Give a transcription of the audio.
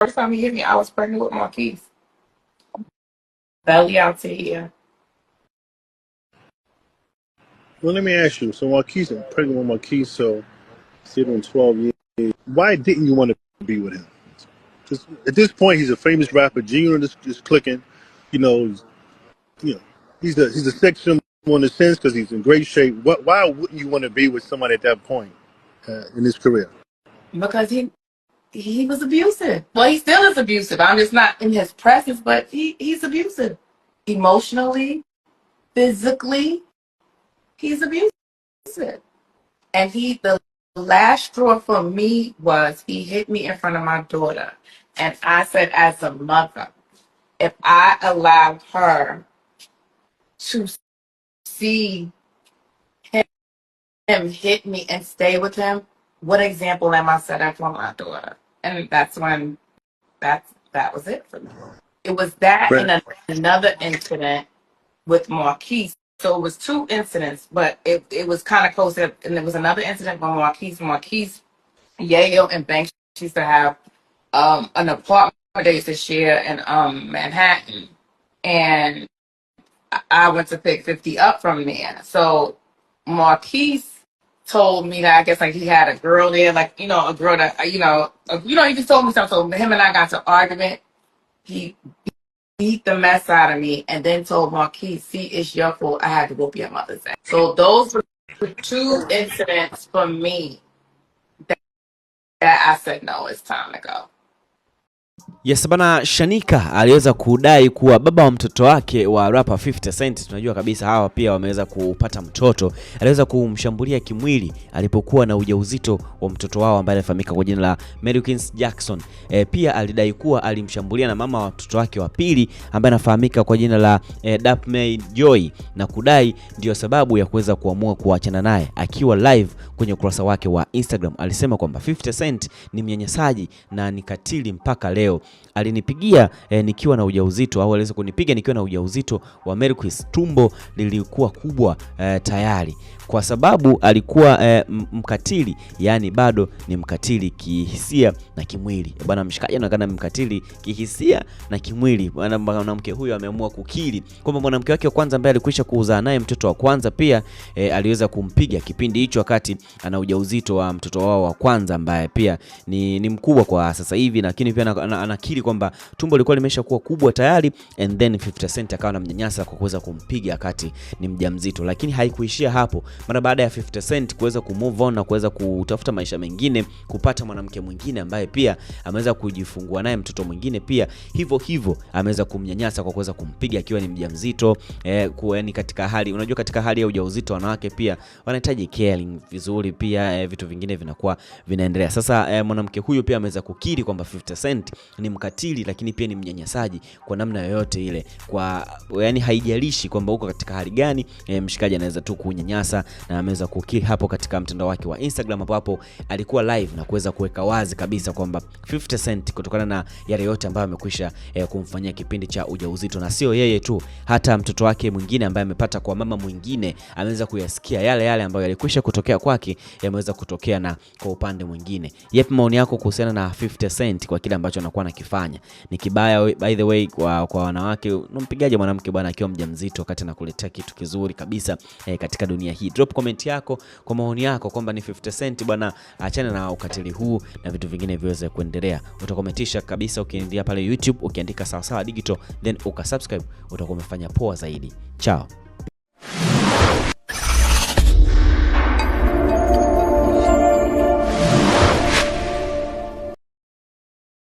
First time he hit me, I was pregnant with Marquise. Belly out to here. Well, let me ask you. So Marquise, I'm pregnant with Marquise, so sitting 12 years. Why didn't you want to be with him? Just, at this point, he's a famous rapper. G Unit is, is clicking. You know, you know, he's a he's a sex symbol in a sense because he's in great shape. What? Why wouldn't you want to be with someone at that point uh, in his career? Because he he was abusive. Well, he still is abusive. I'm just not in his presence, but he, he's abusive. Emotionally, physically, he's abusive. And he, the last straw for me was he hit me in front of my daughter. And I said, as a mother, if I allowed her to see him, him hit me and stay with him, what example am I setting for my daughter? And that's when that that was it for me. It was that right. and a, another incident with Marquise. So it was two incidents, but it, it was kind of close. Up, and there was another incident with Marquise. Marquise, Yale, and Banks used to have um, an apartment they used to share in um, Manhattan. And I went to pick 50 up from there. So Marquise told me that I guess like he had a girl there, like you know, a girl that uh, you know, a, uh, you know, he just told me something. So him and I got to argument. He beat the mess out of me, and then told Marquis, "See, it's your fault. I had to whoop your mother's ass." So those were two incidents for me that, that I said, "No, it's time to go." Yes bana, Shanika aliweza kudai kuwa baba wa mtoto wake wa rapper 50 Cent, tunajua kabisa hawa pia wameweza kupata mtoto, aliweza kumshambulia kimwili alipokuwa na ujauzito wa mtoto wao ambaye anafahamika kwa jina la Marquise Jackson. E, pia alidai kuwa alimshambulia na mama wa mtoto wake wa pili ambaye anafahamika kwa jina la e, Dapmay Joy na kudai ndiyo sababu ya kuweza kuamua kuachana naye. Akiwa live kwenye ukurasa wake wa Instagram alisema kwamba 50 Cent ni mnyanyasaji na ni katili mpaka leo. Gracias. alinipigia e, nikiwa na ujauzito au aliweza kunipiga nikiwa na ujauzito wa Marquise. Tumbo lilikuwa kubwa e, tayari kwa sababu alikuwa e, mkatili, yani bado ni mkatili kihisia na kimwili bwana. Mshikaji anaonekana mkatili kihisia na kimwili bwana. Mwanamke huyo ameamua kukiri kwamba mwanamke wake wa kwanza ambaye alikwisha kuzaa naye mtoto wa kwanza pia e, aliweza kumpiga kipindi hicho wakati ana ujauzito wa mtoto wao wa kwanza ambaye pia ni, ni mkubwa kwa sasa hivi, lakini pia anakiri kwamba tumbo lilikuwa limesha kuwa kubwa tayari, and then 50 Cent akawa na mnyanyasa kwa kuweza kumpiga wakati ni mjamzito. Lakini haikuishia hapo, mara baada ya 50 Cent kuweza ku move on na kuweza kutafuta maisha mengine, kupata mwanamke mwingine ambaye pia ameweza kujifungua naye mtoto mwingine pia hivyo hivyo, ameweza kumnyanyasa kwa kuweza kumpiga akiwa ni mjamzito eh, kwa yani eh, katika hali unajua, katika hali ya ujauzito wanawake pia wanahitaji caring vizuri pia eh, vitu vingine vinakuwa vinaendelea. Sasa eh, mwanamke huyu pia ameweza kukiri kwamba 50 Cent ni mkali mkatili lakini pia ni mnyanyasaji kwa namna yoyote ile, kwa yani haijalishi kwamba uko katika hali gani. E, mshikaji anaweza tu kunyanyasa na ameweza kukiri hapo katika mtandao wake wa Instagram, hapo hapo alikuwa live na kuweza kuweka wazi kabisa kwamba 50 Cent kutokana na yale yote ambayo amekwisha e, kumfanyia kipindi cha ujauzito, na sio yeye tu, hata mtoto wake mwingine ambaye amepata kwa mama mwingine ameweza kuyasikia yale yale ambayo yalikwisha kutokea kwake yameweza kutokea na kwa upande mwingine. Yapi maoni yako kuhusiana na 50 Cent kwa kile ambacho anakuwa na kifaa kufanya ni kibaya, by the way, kwa, kwa wanawake. Unampigaje mwanamke bwana akiwa mjamzito wakati anakuletea kitu kizuri kabisa eh, katika dunia hii? Drop comment yako kwa maoni yako kwamba ni 50 Cent bwana, achana na ukatili huu na vitu vingine viweze kuendelea. Utakomentisha kabisa ukiingia pale YouTube ukiandika Sawasawa Digital, then ukasubscribe, utakuwa umefanya poa zaidi. Chao.